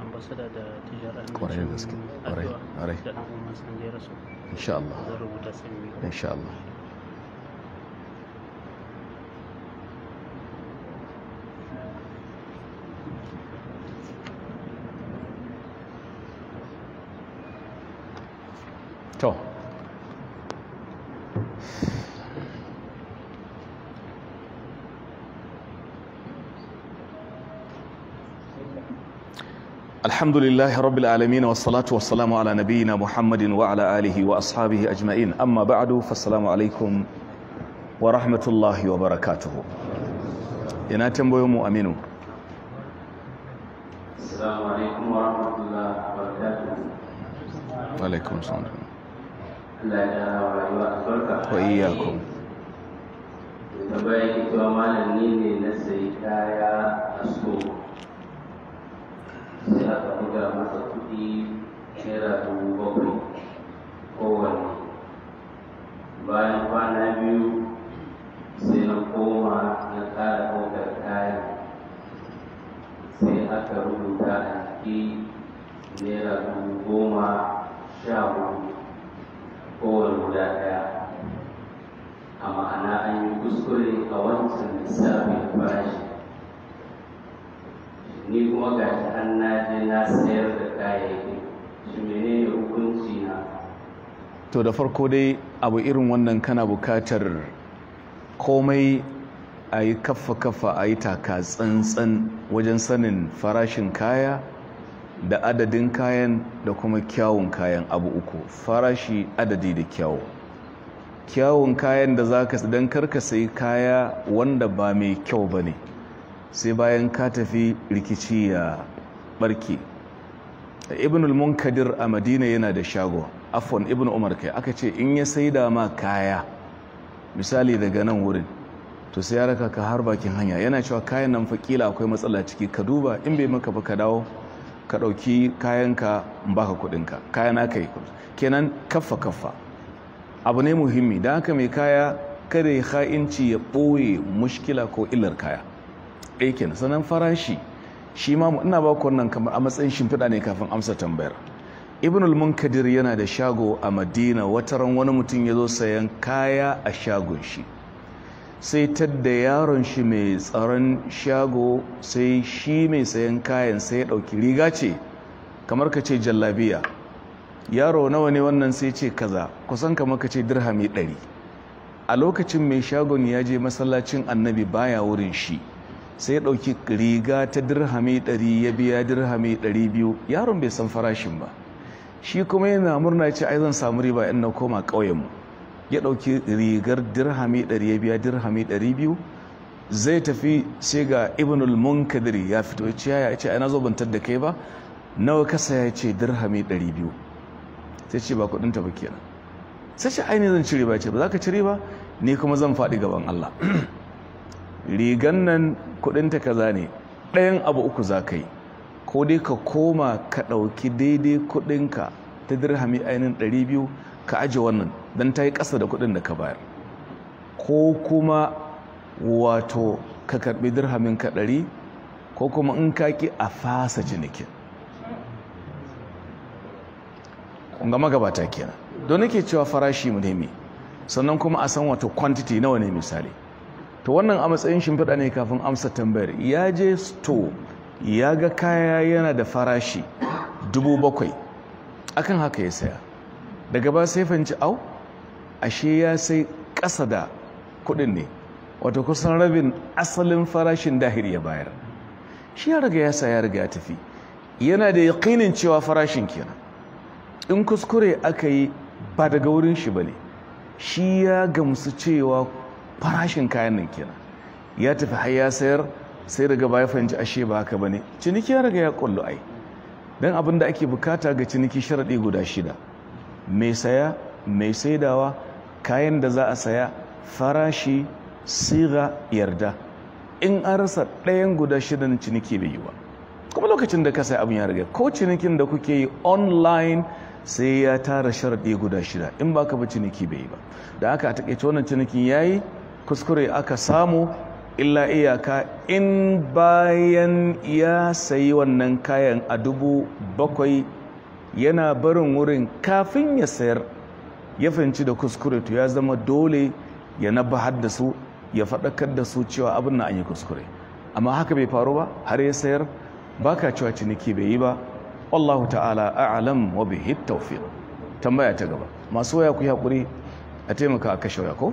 ambasada da tijaran kwarai da da jera su insha Allah zan rubuta sai insha Allah alhamdulillahi rabbil alamin was salatu was salamu ala nabiyyina muhammadin wa ala alihi wa ashabihi ajma'in amma ba'du fassalamu alaikum wa rahmatullahi wa barakatuhu ina tambayoyin mu aminu assalamu alaikum wa rahmatullahi wa barakatuhu wa alaikum assalam Allah ya rayuwa barka wa da ne 对。to da farko dai abu irin wannan kana bukatar komai a yi kafa-kafa a yi taka tsantsan wajen sanin farashin kaya da adadin kayan da kuma kyawun kayan abu uku farashi adadi da kyawu kyawun kayan da za ka don karka sayi kaya wanda ba mai kyau ba ne sai bayan ka tafi rikici ya barke ibn al-munkadir a madina yana da shago afon ibn umar kai aka ce in ya sai da ma kaya misali daga nan wurin to sai ya raka ka har bakin hanya yana cewa kayan nan fakila akwai matsala ciki ka duba in bai maka ba ka dawo ka ɗauki kayanka in baka kuɗinka kayan aka yi kenan kaffa kaffa abu ne muhimmi da haka mai kaya kada ya ha'inci ya ɓoye mushkila ko illar kaya eh aikin sanan farashi shi ma ina ba ku wannan kamar a matsayin shimfiɗa ne kafin amsa tambayar ibn al-munkadir yana da shago a madina wataran wani mutum ya zo sayan kaya a shagon shi sai tadda yaron shi mai tsaron shago sai shi mai sayan kayan sai ya ɗauki riga ce kamar ka ce jallabiya yaro nawa ne wannan sai ce kaza kusan kamar ka ce dirhami ɗari a lokacin mai shagon ya je masallacin annabi baya wurin shi sai ya ɗauki riga ta dirhami ɗari ya biya dirhami ɗari biyu yaron bai san farashin ba shi kuma yana murna ya ce ai zan samu riba in na koma ƙauyenmu ya ɗauki rigar dirhami ɗari ya biya dirhami ɗari biyu zai tafi sai ga ibnul munkadir ya fito ya ce ya ce ai na zo bantar da kai ba nawa ka saya ce dirhami ɗari biyu sai ce ba kuɗinta ba kenan sai ce ai zan ci riba ce ba za ka ci riba ni kuma zan faɗi gaban Allah rigan nan kuɗinta kaza ne ɗayan abu uku za ka yi ko dai ka koma ka ɗauki daidai kuɗinka ta dirhami ainihin ɗari biyu ka aji wannan don ta yi ƙasa da kuɗin da ka bayar ko kuma wato ka karɓi dirhamin ka ɗari ko kuma in ka ƙi a fasa jinikin ƙunga magabata kenan don nake cewa farashi mu nemi sannan kuma a san wato kwantiti nawa ne misali to wannan a matsayin shimfiɗa ne kafin amsa tambayar ya je store ya ga kaya yana da farashi dubu bakwai akan haka ya saya daga ba sai fanci au ashe ya sai ƙasa da kuɗin ne wata kusan rabin asalin farashin dahir ya bayar shi ya riga ya saya ya riga ya tafi yana da yaƙinin cewa farashin kenan in kuskure aka yi ba daga wurin shi bane shi ya gamsu cewa farashin kayan nan kenan ya tafi har ya sayar sai daga baya fahimci ashe ba haka ne ciniki ya riga ya kullu ai dan abin da ake bukata ga ciniki sharadi guda shida mai saya mai saidawa kayan da za a saya farashi siga yarda in an rasa ɗayan guda shidan ciniki bai yi ba kuma lokacin da ka sai abin ya riga ko cinikin da kuke yi online sai ya tara sharaɗi guda shida in ba ka ba ciniki bai yi ba da aka a taƙaice wannan cinikin ya yi kuskure aka samu illa iyaka in bayan ya sayi wannan kayan a dubu bakwai yana barin wurin kafin ya sayar ya fahimci da kuskure to ya zama dole ya nabahar su ya faɗakar da su cewa abin na an kuskure amma haka bai faru ba har ya sayar baka cewa ciniki bai yi ba wallahu ta'ala a'lam wa bihi tawfiq tambaya ta gaba masu waya ku yi hakuri a taimaka a kashe waya ko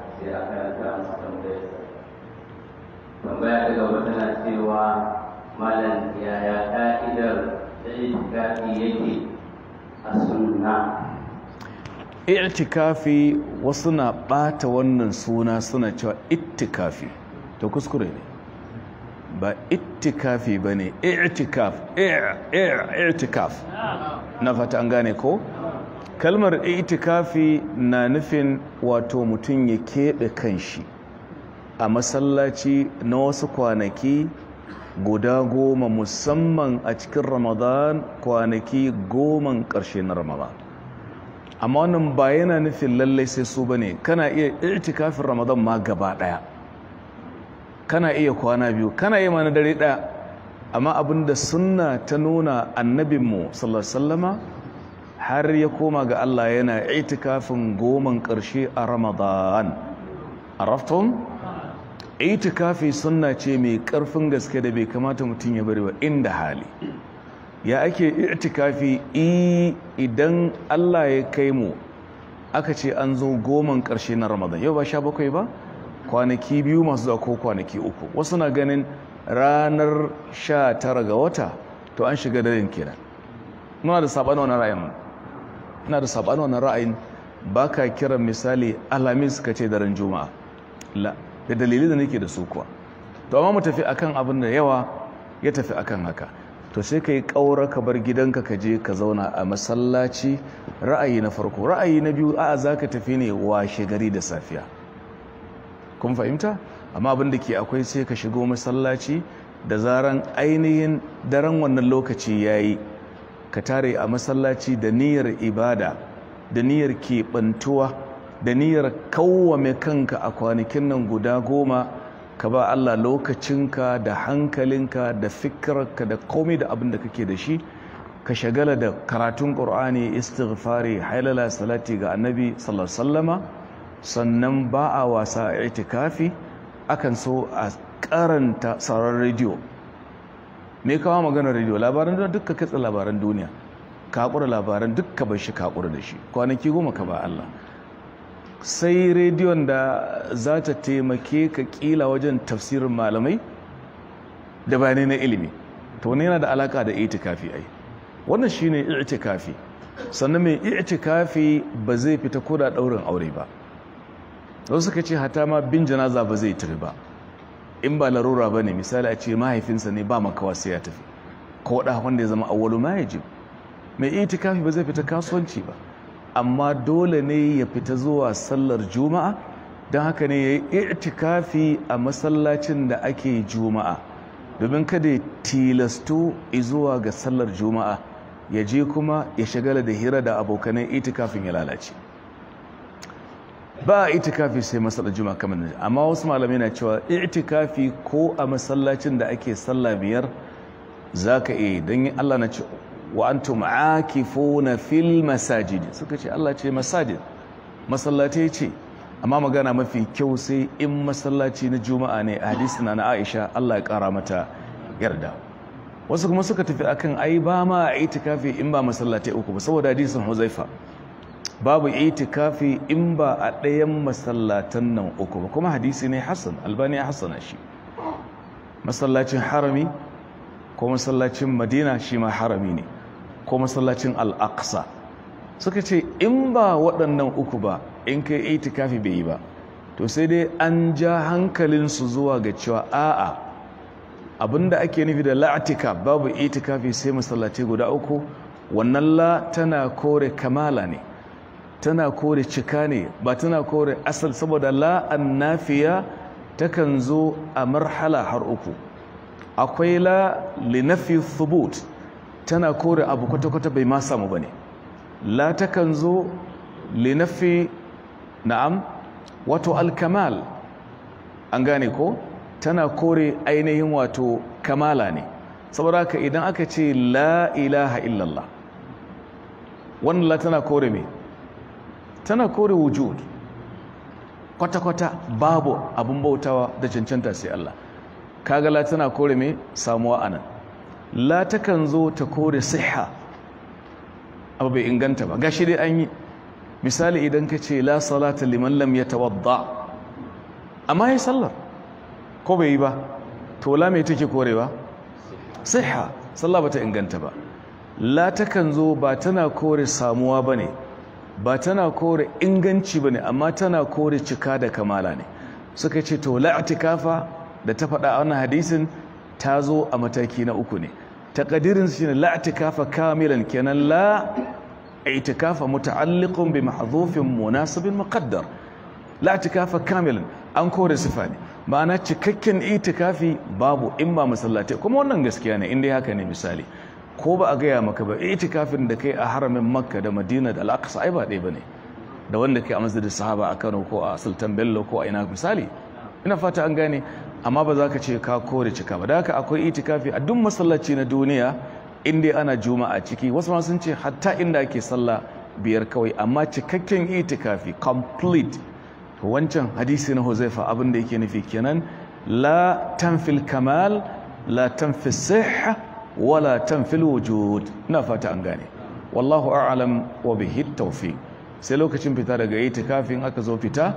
sai a karanta musu tambayar tambaya ta gaba tana cewa malam yaya ka'idar itikafi yake a sunna itikafi wasu na ɓata wannan suna suna cewa itikafi to kuskure ne ba itikafi ba ne itikaf itikaf na fata an gane ko kalmar itikafi na nufin wato mutum ya keɓe kan shi. a masallaci na wasu kwanaki guda goma musamman a cikin ramadan kwanaki goman ƙarshe na ramadan amma wannan ba yana nufin lallai sai su bane kana iya itikafin ramadan ma gaba ɗaya kana iya kwana biyu kana yi mana dare ɗaya amma abinda sunna ta nuna annabinmu sallallahu alaihi har ya koma ga Allah yana itikafin goman ƙarshe a Ramadan araftum itikafi suna ce mai ƙarfin gaske da bai kamata mutum ya bari ba inda hali ya ake itikafi idan Allah ya kai mu aka ce an zo goman ƙarshe na Ramadan yau ba sha bakwai ba kwanaki biyu masu da ko kwanaki uku wasu na ganin ranar sha tara ga wata to an shiga daren kenan muna da saɓanin wani ina da saɓanin wannan ra'ayin ka kiran misali alhamis ka ce daren juma'a da dalilin da nake da su kuwa to amma mu tafi akan abin da yawa ya tafi akan haka to sai ka yi ƙaura ka bar gidanka ka je ka zauna a masallaci ra'ayi na farko ra'ayi na biyu a'a za ka tafi ne washe gari da safiya kun fahimta amma abin da ke akwai sai ka shigo masallaci da zaran ainihin daren wannan lokaci ya yi ka tare a masallaci da niyyar ibada da niyyar keɓantuwa da niyyar kawwame kanka a kwanakin nan guda goma ka ba Allah lokacinka da hankalinka da fikirarka da komai da abin da kake da shi ka shagala da karatun ƙur'ani istighfari hailala salati ga annabi sallallahu sannan ba a wasa a itikafi akan so a karanta sauran rediyo me kawo maganar rediyo labaran duniya dukka katsa labaran duniya ka kura labaran dukka bai shi ka kura da shi kwanaki goma ka ba Allah sai rediyon da za ta taimake ka kila wajen tafsirin malamai da bayanai na ilimi ta wani yana da alaka da itikafi ai wannan shine itikafi sannan mai itikafi ba zai fita ko da daurin aure ba wasu suka ce hata ma bin janaza ba zai tafi ba in ba larura ba ne misali a ce mahaifinsa ne ba makawa sai ya tafi ko da wanda ya zama awwalu ma ya jib mai itikafi ba zai fita kasuwanci ba amma dole ne ya fita zuwa sallar juma'a don haka ne ya yi itikafi a masallacin da ake juma'a domin kada ya tilasto zuwa ga sallar juma'a ya je kuma ya shagala da hira da abokanan itikafin ya lalace ba a itikafi sai masallar juma'a kamar da amma wasu malamai na cewa itikafi ko a masallacin da ake sallah biyar za ka iya yi Allah na ce wa kifo na fil masajid suka ce Allah ce masajid masallatai ce amma magana mafi kyau sai in masallaci na juma'a ne a hadisi na Aisha Allah ya kara mata yarda wasu kuma suka tafi akan ai ba ma a itikafi in ba masallatai uku ba saboda hadisin Huzaifa babu itikafi in ba a ɗayan masallatan nan uku ba kuma hadisi ne hassan albani ya hassana shi masallacin harami ko masallacin madina shi ma harami ne ko masallacin al'aqsa suka ce in ba waɗannan uku ba in kai itikafi bai yi ba to sai dai an ja hankalinsu zuwa ga cewa a'a abinda ake nufi da la'atika babu itikafi sai masallaci guda uku wannan la tana kore kamala ne tana kore cika ne ba tana kore asal saboda la'an nafiya takan zo a marhala har uku akwai la linafi thubut tana kore abu kwata-kwata bai ma samu ba ne la kan zo linafi na'am wato alkamal an gane ko tana kore ainihin wato kamala ne saboda haka idan aka ce la ilaha illallah wannan la tana kore mai tana kore wujud kwata-kwata babu abin bautawa da cancanta sai Allah kagala tana kore mai samuwa anan la takan zo ta kore siha abu bai inganta ba gashi dai an yi misali idan ka ce la salata liman lam yatawadda amma yayi sallar ko bai yi ba to la mai take korewa siha sallah bata inganta ba la takan zo ba tana kore samuwa bane ba tana kore inganci ba ne amma tana kore cika da kamala ne suka ce to la'atikafa da ta faɗa a wannan hadisin ta zo a mataki na uku ne takadirin shi ne la'atikafa kamilan kenan la itikafa muta'alliqun bi mahdhufin munasibin muqaddar la'atikafa kamilan an kore sifa ne ma'ana cikakken itikafi babu in ba masallatai kuma wannan gaskiya ne in dai haka ne misali ko ba a gaya maka ba itikafin da kai a haramin makka da madina da al'aqsa ai ba ɗaya ba ne da wanda kai a da sahaba a kano ko a sultan bello ko a ina misali ina fata an gane amma ba za ka ce ka kore cika ba da haka akwai itikafi a duk masallaci na duniya inda ana juma'a ciki wasu ma sun ce hatta inda ake sallah biyar kawai amma cikakken itikafi complete wancan hadisi na huzaifa abin da yake nufi kenan la tanfil kamal la tanfil sihha wala tanfil wujud ina fata an gane wallahu a'lam wa bihi tawfiq sai lokacin fita daga itikafin aka zo fita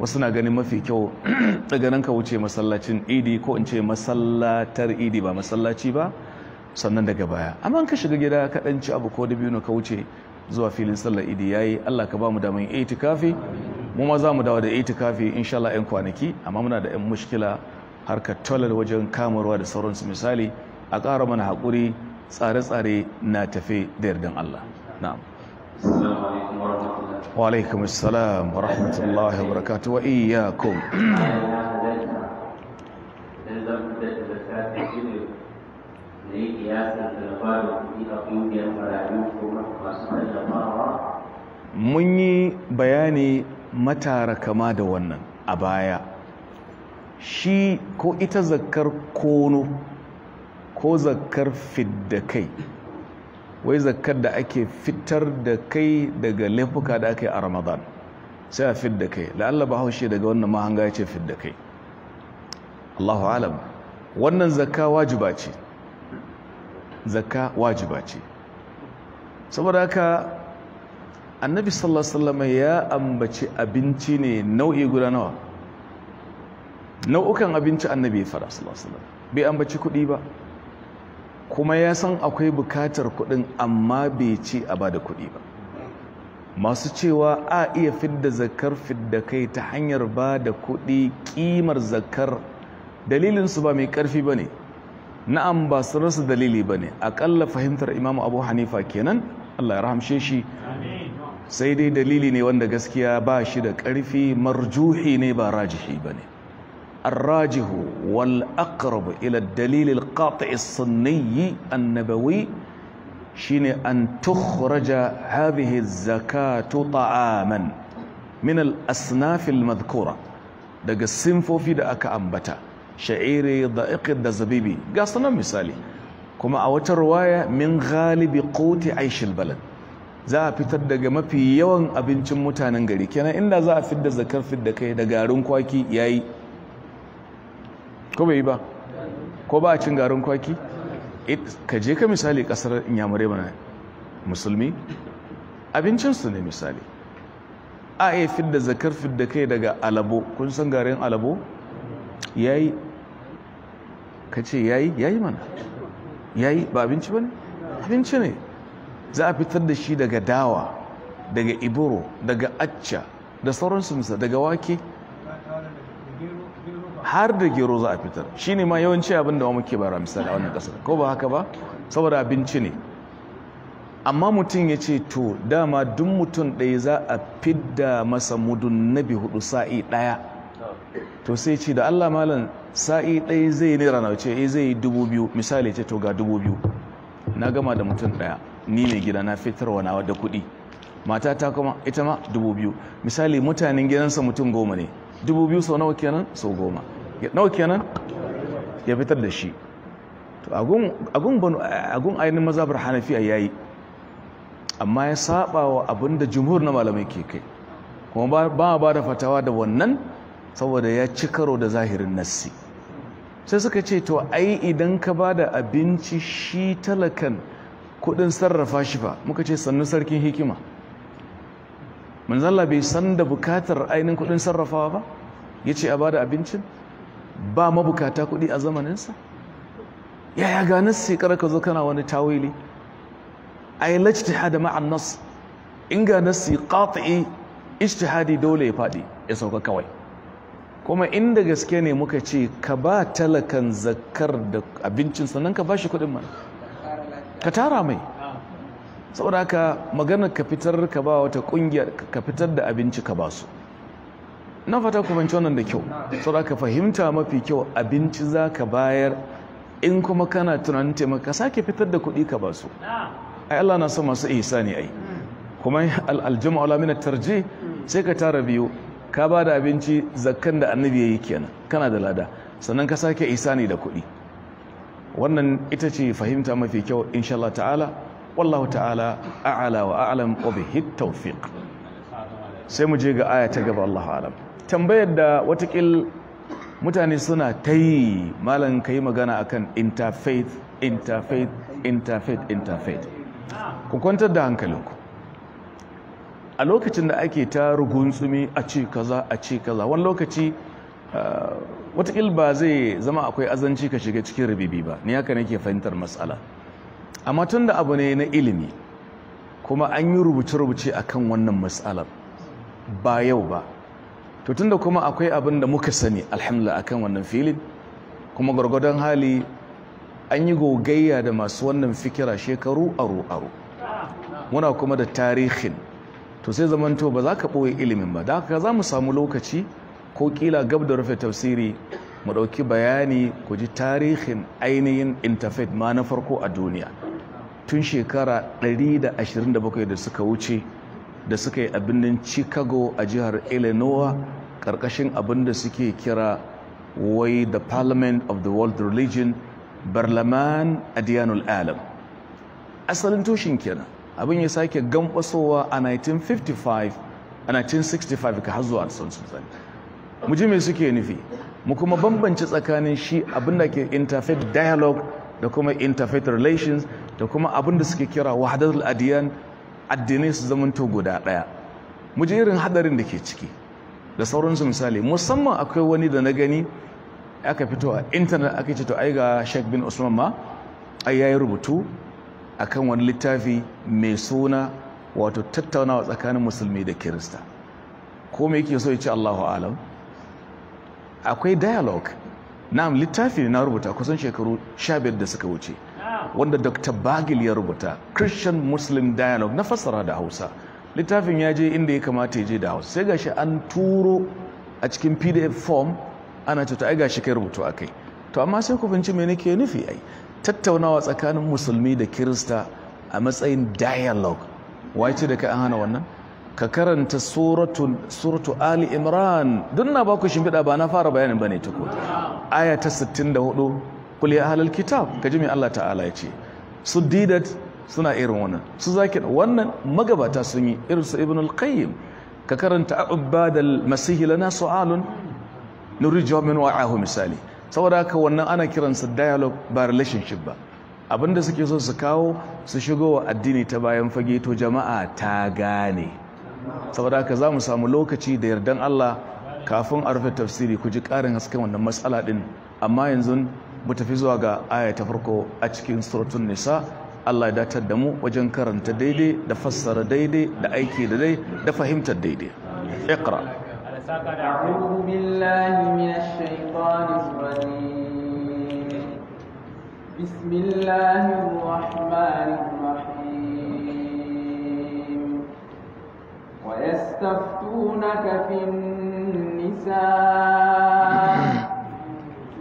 wasu na ganin mafi kyau daga nan ka wuce masallacin idi ko in ce masallatar idi ba masallaci ba sannan daga baya amma ka shiga gida ka dan ci abu ko biyu ka wuce zuwa filin sallar idi yayi Allah ka ba mu daman itikafi mu ma za mu dawo da itikafi insha Allah 'yan kwanaki amma muna da 'yan mushkila harkar tolar wajen kamarwa da sauransu misali a ƙara mana haƙuri tsare-tsare na tafe da yardan Allah na'am wa alaikum assalam wa rahmatullahi wa wa mun yi bayani matara kama da wannan a baya shi ko ita zakar kono ko zakar fidda kai wai zakar da ake fitar da kai daga laifuka da aka yi a ramadan sai a fidda kai la'alla ba haushe daga wannan mahanga ya ce fidda kai allahu alam wannan zakka wajiba ce zakka wajiba ce saboda haka annabi sallallahu alaihi ya ambaci abinci ne nau'i guda nawa nau'ukan abinci annabi ya fara sallallahu alaihi bai ambaci kuɗi ba kuma ya san akwai bukatar kuɗin amma bai ce a ba da kuɗi ba masu cewa a iya fidda zakar fidda kai ta hanyar ba da kuɗi ƙimar zakar dalilinsu ba mai ƙarfi ba ne na'am ba su rasa dalili ba ne aƙalla fahimtar imamu abu hanifa kenan allah ya rahamshe shi sai dai dalili ne wanda gaskiya ba shi da ƙarfi marjuhi ne ba rajihi ba ne الراجح والأقرب إلى الدليل القاطع الصني النبوي شين أن تخرج هذه الزكاة طعاما من الأصناف المذكورة دق السنفو في دأك أنبتا شعيري ضائق الدزبيبي قاصنا مثالي كما أوت رواية من غالب قوت عيش البلد za a fitar daga mafi yawan abincin mutanen gari kenan inda za a fidda zakar fidda kai da garin kwaki yayi ko bai yi ba ko ba a cin garin kwaki ka je ka misali kasar inyamurai mana musulmi abincinsu ne misali a iya fidda zakar fidda kai daga alabo kun san garin alabo ya yi ka ce ya yi ya yi mana ya yi ba abinci ba ne abinci ne za a fitar da shi daga dawa daga iboro daga acca da sauransu daga wake har da gero za a fitar shi ne ma yawanci abin da muke bara misali a wannan ƙasar ko ba haka ba saboda abinci ne amma mutum ya ce to dama duk mutum ɗaya za a fidda masa mudun nabi hudu sa'i ɗaya to sai ce da allah malam sa'i ɗaya zai naira na ce eh, zai yi dubu biyu misali ce to ga dubu biyu na gama da mutum ɗaya ni mai gida na fitarwa nawa da kuɗi mata ta kuma ita ma dubu biyu misali mutanen gidansa mutum goma ne dubu biyu sau nawa kenan sau goma nawa kenan ya fitar da shi agun ainihin mazabar hanafi ya yayi amma ya saba wa abin da jumhur na malamai ke kai kuma ba ba da fatawa da wannan saboda ya ci karo da zahirin nassi sai suka ce to ai idan ka ba da abinci shi talakan kudin sarrafa shi ba muka ce sannu sarkin hikima manzala bai san da bukatar ainihin kudin sarrafawa ba ya ce a ba da abincin ba mabukata kuɗi a zamaninsa yaya ganin sikar kar ka zo kana wani tawili ay lijtihad ma'a an nas in ga nassi qati'i ijtihadi dole ya fadi ya sauka kawai kuma inda gaske ne muka ce ka ba talakan zakar da abincin sannan ka ba shi kuɗin mana ka tara mai saboda haka maganar ka fitar ka ba wata ƙungiya ka fitar da abinci ka ba su na fata ku fahimci wannan da kyau saboda ka fahimta mafi kyau abinci za ka bayar in kuma kana tunanin taimaka sake fitar da kuɗi ka ba su ai Allah na son masu ne ai kuma aljuma wala min tarji sai ka tara biyu ka ba da abinci zakkan da annabi yayi kenan kana da lada sannan ka sake ne da kuɗi wannan ita ce fahimta mafi kyau insha Allah ta'ala wallahu ta'ala a'ala wa a'lam wa bihi tawfiq sai mu je ga aya ta gaba Allahu a'lam tambayar da watakil mutane suna ta yi malam ka yi magana akan interfaith interfaith interfaith interfaith ku kwantar da hankalinku a lokacin da ake ta ruguntsumi a ce kaza a ce kaza wani lokaci ah, watakil ba zai zama akwai azanci ka shiga cikin rabibi ba ni haka nake fahimtar matsala amma tun da abu ne na ilimi kuma an yi rubuce-rubuce a kan wannan matsalar ba yau ba to tun da kuma akwai abin da muka sani alhamdulillah akan wannan filin kuma gwargwadon hali an yi gogayya da masu wannan fikira shekaru aro aro muna kuma da tarihin to sai zamanto ba za ka ɓoye ilimin ba da haka za mu samu lokaci ko kila gab da rufe tafsiri mu ɗauki bayani ku ji tarihin ainihin interfaith ma na farko a duniya tun shekara 127 da suka wuce da suka yi a birnin chicago a jihar illinois karkashin abin da suke kira way the parliament of the world religion barlaman adiyanul alam asalin tushen kenan abin ya sake gambasowa a 1955 a 1965 ka har zuwa mu ji me suke nufi mu kuma bambanci tsakanin shi abin da ke interfaith dialogue da kuma interfaith relations da kuma abin da suke kira wahadatul adiyan addinai su zamanto guda ɗaya mu ji irin hadarin da ke ciki da sauransu misali musamman akwai wani da na gani aka fito a intanet aka ce to ai ga Sheikh bin Usman ma ai yayi rubutu akan wani littafi mai suna wato tattaunawa tsakanin musulmi da kirista ko me yake so ya ce Allahu alam akwai dialogue na littafi na rubuta kusan shekaru 15 da suka wuce wanda dr bagil ya rubuta christian muslim dialogue na fassara da hausa littafin ya je inda ya kamata ya je da hausa sai gashi an turo a cikin pdf form ana cuta ai gashi kai rubutu akai to amma sai ku fahimci me nake nufi ai tattaunawa tsakanin musulmi da kirista a matsayin dialogue wace ce da ka an hana wannan ka karanta suratu ali imran don na baku shimfiɗa ba na fara bayanin bane tuko aya ta 64 kuli a kitab kaji mai Allah ta'ala ya ce su didat suna irin wannan su zaki wannan magabata sun yi irin su ibn al-qayyim ka karanta ubad da masih lana su'alun nurijo min wa'ahu misali saboda haka wannan ana kiransa dialogue ba relationship ba abinda suke so su kawo su shigo wa addini ta bayan fage to jama'a ta gane saboda haka za mu samu lokaci da yardan Allah kafin a rufe tafsiri ku ji ƙarin hasken wannan matsala din, amma yanzu mu tafi zuwa ga aya ta farko a cikin suratun nisa Allah ya datar da mu wajen karanta daidai da fassara daidai da aiki da dai da fahimtar daidai iqra a'udhu billahi minash shaitanir rajim bismillahir rahmanir rahim wa yastaftunaka fin nisaa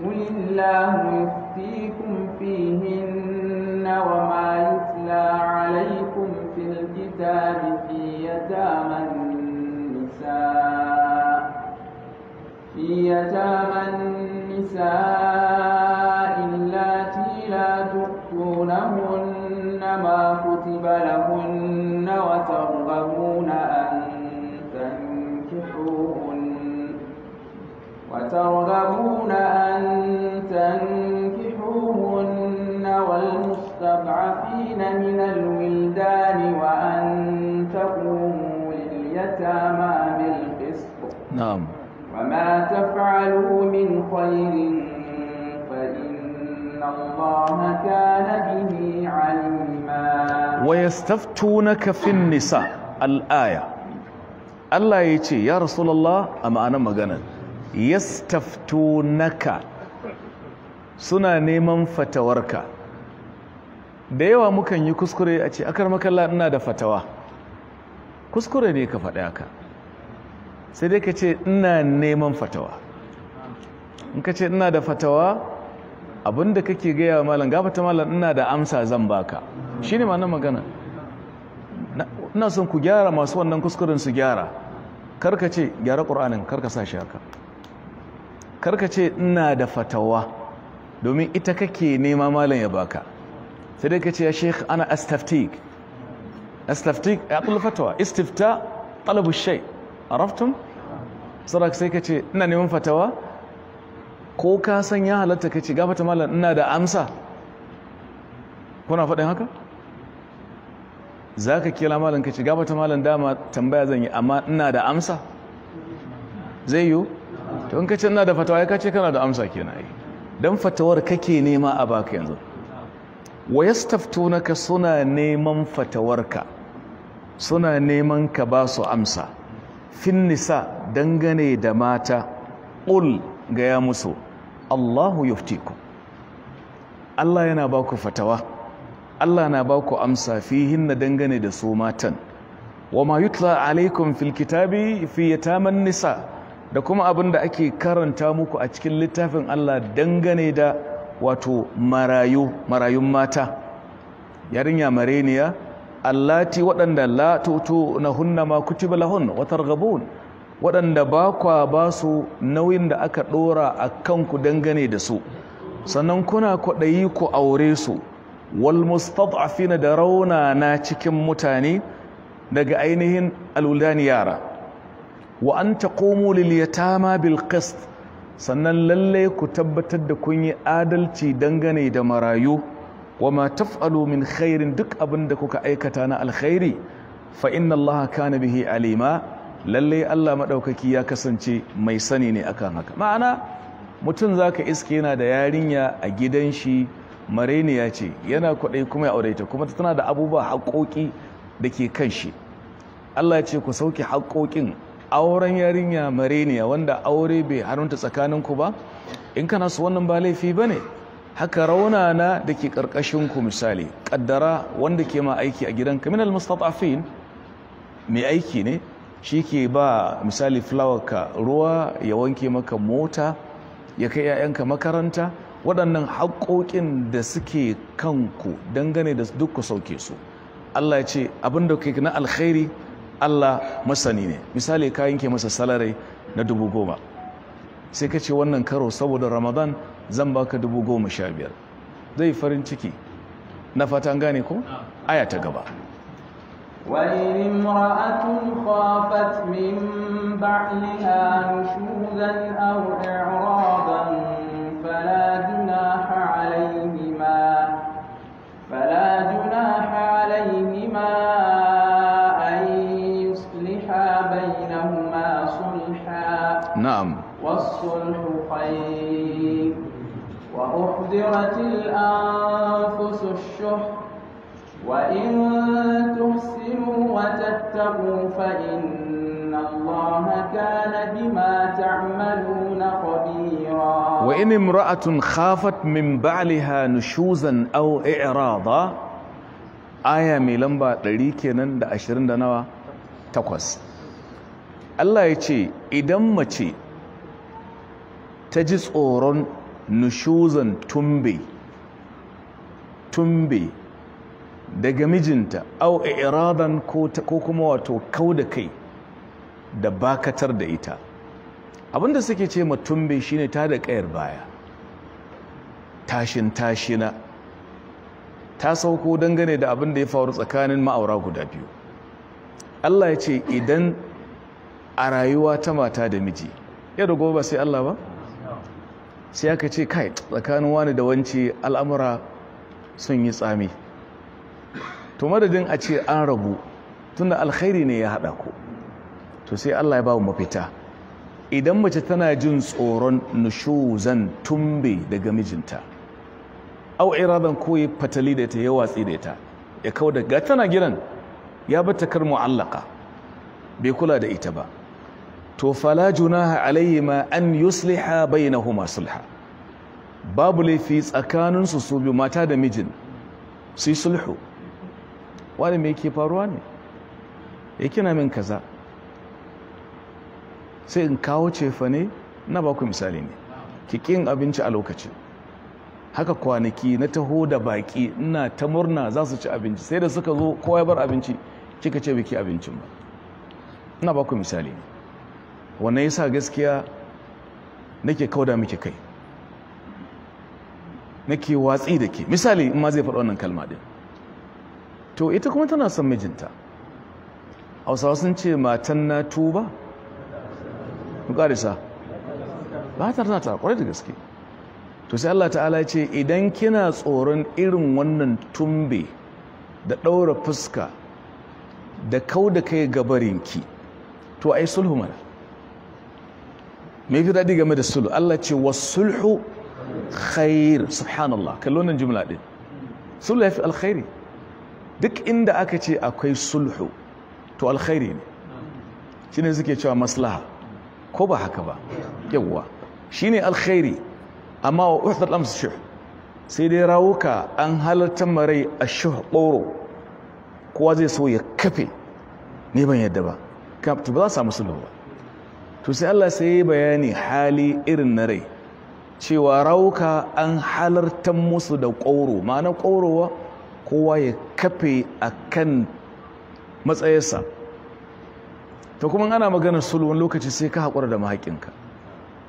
قل الله يفتيكم فيهن وما يتلى عليكم في الكتاب في يتامى النساء في يتامى النساء اللاتي لا تؤتونهن ما كتب لهن ترغبون أن تنكحوهن والمستضعفين من الولدان وأن تقوموا لليتامى بالقسط نعم وما تفعلوا من خير فإن الله كان به عليما ويستفتونك في النساء الآية الله ya يا رسول الله a ma'anar maganar, yastaftunaka suna neman fatawarka da yawa mukan yi kuskure a ce akar makalla ina da fatawa kuskure ne ka faɗi haka sai dai ka ce ina neman fatawa in ka ce ina da fatawa abinda kake gaya wa malam gafata malam ina da amsa zan baka shine ma na magana ina son ku gyara masu wannan kuskuren su gyara karka ce gyara ƙur'anin karka sa shi haka karka ce ina da fatawa domin ita kake nema malam ya baka sai dai kace ya sheikh ana astaftik astaftik ya kullu fatawa istifta talabu shay araftum sarak sai kace ina neman fatawa ko ka san ya halatta kace gafata malam ina da amsa kuna faɗin haka za ka kira malam ka ci gabata malam dama tambaya zan yi amma ina da amsa zai yiwu to in kace ina da fatawa ya kace kana da amsa kenan ai dan fatawar kake nema a baka yanzu wa yastaftunaka suna neman fatawarka suna neman ka ba su amsa fin nisa dangane da mata ul ga ya musu Allahu yuftiku Allah yana ba ku fatawa Allah na ba ku amsa fihin na dangane da su matan wa ma yutla alaikum fil kitabi fi yataman nisa da kuma abin da ake karanta muku a cikin littafin Allah dangane da wato marayu marayun mata yarinya mareniya allati waɗanda la tutu na hunna ma kutiba lahun wa targhabun waɗanda ba kwa ba su nauyin da aka ɗora a kanku dangane da su sannan kuna kwaɗayi ku aure su wal mustad'afina da rauna na cikin mutane daga ainihin alulani yara Wa'anta an taqumu lil sannan lalle ku tabbatar da kun yi adalci dangane da marayu wa ma min khairin duk abin da kuka aikata na alkhairi fa inna ka kana bihi alima lalle Allah maɗaukaki ya kasance mai sani ne akan haka ma'ana mutum za ka iske yana da yarinya a gidan shi mareniya ce yana kwaɗai kuma ya aureta kuma tana da abubuwa haƙoƙi da ke kan shi Allah ya ce ku sauke haƙoƙin auren yarinya mareniya wanda aure bai harunta tsakaninku ba in kana su wannan ba laifi ba ne haka raunana da ke ƙarƙashinku misali ƙaddara wanda ke ma aiki a gidanka kaminal almustatafin mai aiki ne shi ke ba misali ka ruwa ya wanke maka mota ya kai 'ya'yanka makaranta waɗannan haƙoƙin da suke kanku dangane da duk ku sauke su Allah ya ce abin da na alkhairi Allah masani ne misali ka yanke masa salari na dubu goma sai ka ce wannan karo saboda ramadan zan baka dubu goma sha biyar zai farin ciki na fatan gane ko aya ta gaba وإن امرأة خافت من بعلها أو إعراضا نعم والصلح خير وأحضرت الأنفس الشح وإن تحسنوا وتتقوا فإن الله كان بما تعملون خبيرا وإن امرأة خافت من بعلها نشوزا أو إعراضا aya mai lamba 100 kenan da 20 da nawa takwas Allah ya ce idan mace ta ji tsoron nushuzan tumbe tumbe daga mijinta au iradan ko kuma wato kau da kai da bakatar da ita abinda suke ce ma tumbe shine ta da kayar baya tashin tashina ta sauko dangane da abin da ya faru tsakanin ma'aura guda biyu Allah ya ce idan a rayuwa ta mata da miji ya dogo ba sai Allah ba sai aka ce kai tsakanin wani da wance al'amura sun yi tsami to madadin a ce an rabu tunda alkhairi ne ya haɗa ku to sai Allah ya ba mu mafita idan mace tana jin tsoron nushuzan tumbe daga mijinta au iradan ko ya fatali da ta ya watsi da ta ya kawo daga tana giran ya bata kar mu'allaka bai kula da ita ba to fala junaha ma an na bainahuma sulha babu laifi tsakanin su su biyu mata da mijin su yi sulhu wani mai ke faruwa ne ya kina min kaza sai in kawo cefa ne na baku misali ne ki kin abinci a lokaci haka kwanaki na taho da baki ina ta murna za su ci abinci sai da suka zo kowa ya bar abinci kika ce biki abincin ba ina baku misali ne wannan sa gaskiya nake kauda miki kai nake watsi da ke misali in ma zai faɗi wannan kalma ɗin to ita kuma tana son mijinta hausawa sun ce matan na tuba mukarisa ba ta tana ta ƙwarai da gaske to sai Allah ta'ala ce idan kina tsoron irin wannan tumbe da ɗaura fuska da kau da kai gabarinki to ai sulhu mana me fi daɗi game da sulhu Allah ce wa sulhu khair subhanallah kallo nan jumla ɗin sulhu ya fi alkhairi duk inda aka ce akwai sulhu to alkhairi ne shi ne suke cewa maslaha ko ba haka ba yawwa shine ne alkhairi amma wa uhtar lamsu shuh sai dai rawuka an halarta marai a shuh ɓoro kowa zai so ya kafe ne ban yadda ba kamtu ba za a samu sulhu ba to sai Allah sai ya bayani hali irin na rai cewa rauka an halartar musu da ƙoro ma'ana ƙorowa kowa ya kafe a kan matsayarsa ta kuma ana maganar sulwan lokaci sai ka haƙura da mahaƙinka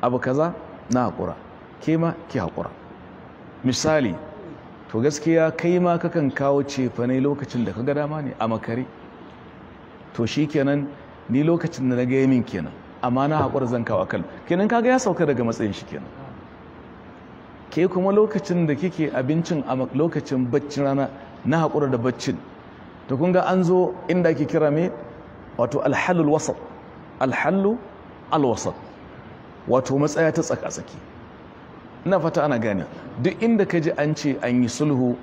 abu kaza na haƙura ke ki haƙura misali to gaskiya kai ma kakan kawo cefane lokacin da ka ga dama ne a makare to shi kenan ni lokacin da na gaya min kenan amma na haƙura zan kawo kan kenan kaga ya sauka daga matsayin shi kenan ke kuma lokacin da kike abincin a lokacin baccin rana na haƙura da baccin ta kun an zo inda ake kira mai wato alhallul wasat alhallu alwasat wato matsaya ta tsaka-tsaki ina fata ana gane duk inda ka ji an ce an yi sulhu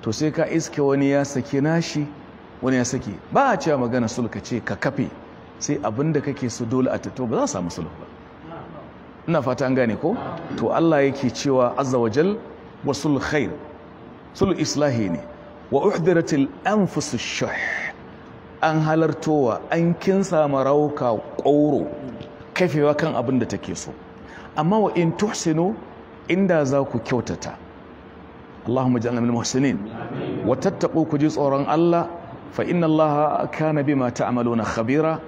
to sai ka iske wani ya sake nashi wani ya sake ba a cewa magana sulka ce ka kafe sai abinda kake so dole a tattau ba za a samu sulhu ba ina fata gane ko to Allah yake cewa azza wa jal wa sulh khair islahi ne wa uhdiratil anfusush shuh an halartowa an kinsa marauka ƙoro kafewa kan abin da take so amma wa in tuhsinu inda za ku kyautata Allahumma ja'alna min muhsinin wa tattaqu ku ji tsoron Allah fa inna Allaha kana bima ta'maluna khabira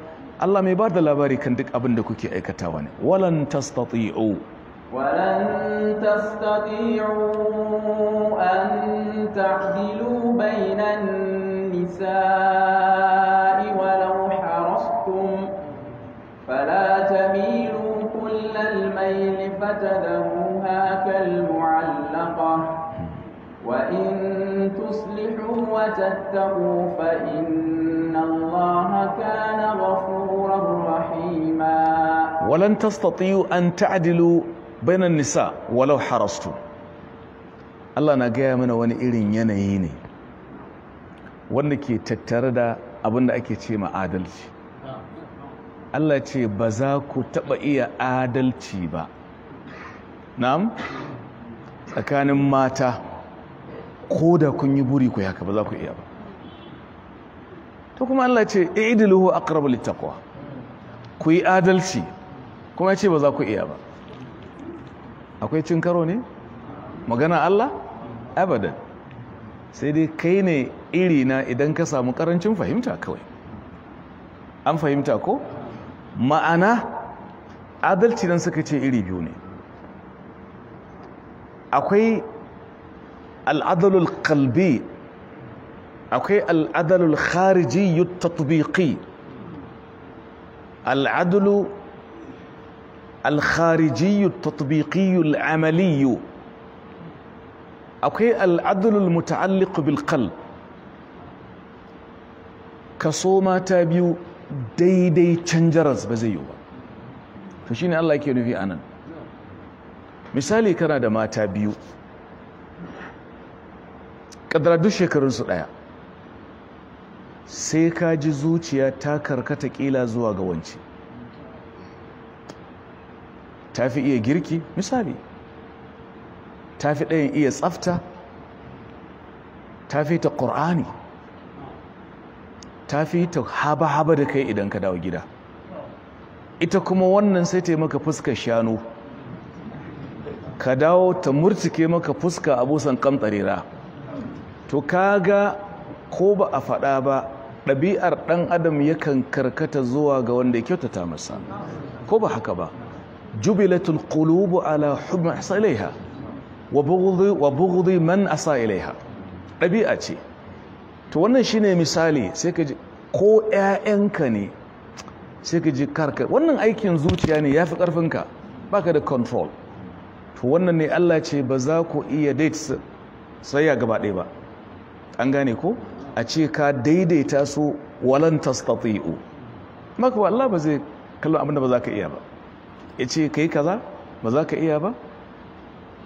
Allah mai ba da labari kan duk abin da kuke aikata wa ne walan ta stati'u walan ta stati'u an ta hilu bainan nisa'i walau harastum falata milu kullal mai nifata da mu وإن تصلحوا وتتقوا فإن الله كان غفورا رحيما ولن تستطيعوا أن تعدلوا بين النساء ولو حرصتم Allah na gaya mana wani irin yanayi ne wanda ke tattare da abin da ake ce ma adalci Allah ce ba za ku taɓa iya adalci ba na'am tsakanin mata ko da kun yi buri ku yaka ba za ku iya ba to kuma Allah ce i'diluhu aqrabu littaqwa ku yi adalci kuma ce ba za ku iya ba akwai cin karo ne magana Allah abadan sai dai kai ne iri na idan ka samu karancin fahimta kawai an fahimta ko ma'ana adalci dan suka ce iri biyu ne akwai العدل القلبي اوكي العدل الخارجي التطبيقي العدل الخارجي التطبيقي العملي اوكي العدل المتعلق بالقلب كصوما تابيو دي دي canjaras ba zai الله ba في انا مثالي yake ما تابيو ƙadara duk shekarunsu ɗaya sai ka ji zuciya ta karkata ƙila zuwa ga wance ta fi iya girki misali ta fi ɗayan iya tsafta ta fi ta ƙor'ani ta fi ta haba-haba da kai idan ka dawo gida ita kuma wannan sai ta yi maka fuskar shanu ka dawo ta murtike maka fuska abusan kamtsarira to kaga ko ba a faɗa ba ɗabi'ar ɗan adam yakan karkata zuwa ga wanda ya kyautata masa ko ba haka ba jubilatul qulubu ala hubbi asaliha wa bughdi wa bughdi man asa ilaiha ɗabi'a ce to wannan shine misali sai ka ji ko ƴaƴanka ne sai ka ji karka wannan aikin zuciya ne yafi ƙarfinka baka da control to wannan ne Allah ce ba za ku iya date sai ya gaba ɗaya ba an gane ko a ce ka daidaita su walan tastati'u maka ba Allah ba zai kallon abin da ba za ka iya ba ya ce ka yi kaza ba za ka iya ba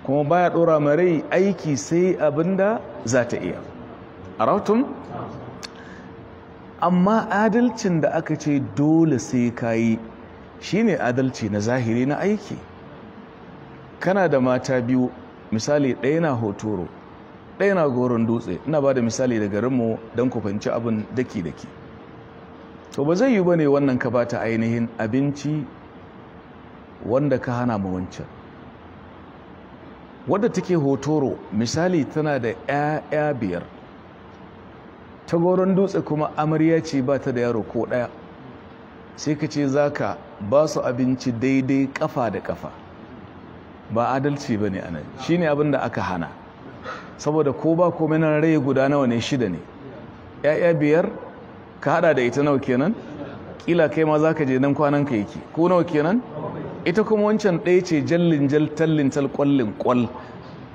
kuma baya ɗora marai aiki sai abinda da za ta iya a amma adalcin da aka ce dole sai ka yi shi ne adalci na zahiri na aiki kana da mata biyu misali ɗaya na hotoro ɗaya na goron dutse ina ba da misali da garinmu don ku fahimci abin daki-daki to ba zai yi ba ne wannan ka bata ainihin abinci wanda ka hana mu wancan wadda take hotoro misali tana da 'ya'ya biyar ta goron dutse kuma amarya ce ba ta da yaro ko ɗaya sai ka ce za ka ba su abinci daidai kafa da kafa ba adalci ba ne a shi ne abin da aka hana saboda ko ba ko nan rai guda nawa ne shida ne ya'ya biyar ka hada da ita nawa kenan kila kai ma ka je nan kwanan ka yake ko nawa kenan ita kuma wancan ɗaya ce jallin jal tallin tal kwallin kwal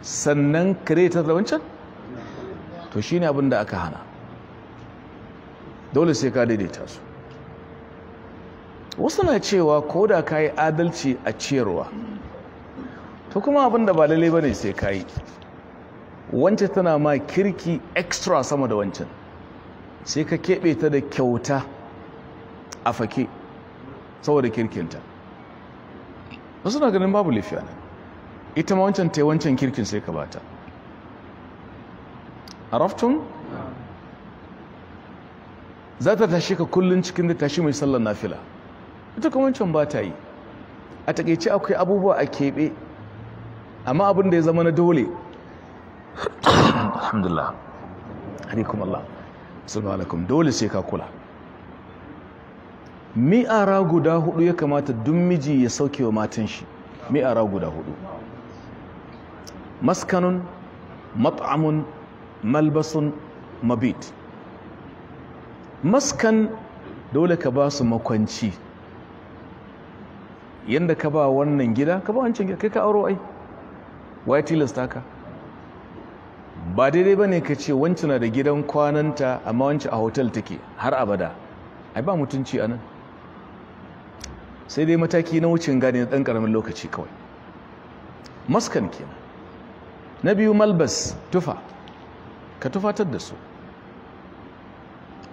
sannan kare ta da wancan to shine abin da aka hana dole sai ka daidaita su wasu na cewa ko da ka yi adalci a ciyarwa to kuma abin da ba lalle ba ne sai ka yi wancan tana ma kirki extra sama da wancan sai ka keɓe ta da kyauta a fake saboda kirkinta ba na ganin babu lafiya ne ita ma wancan ta yi wancan kirkin sai ka bata a raftun za ta tashi ka kullum cikin da tashi mai sallar nafila ita kuma wancan ba ta yi a takaice akwai abubuwa a keɓe amma abin da ya zama na dole alhamdulillah alaikum Allah salamu alaikum dole sai ka kula mi'ara guda hudu ya kamata dun miji ya sauke wa matan shi mi'ara guda hudu maskanun mat'amun malbasun mabit maskan dole ka ba su makwanci yadda ka ba wannan gida ka ba wancan gida kai ka auro ai wai tilasta ka ba daidai ba ne ka ce wancan na da gidan kwananta amma wancan a hotel take har abada ai ba mutunci a nan sai dai mataki na wucin gani na ɗan ƙaramin lokaci kawai maskan kenan na biyu malbas tufa ka tufatar da su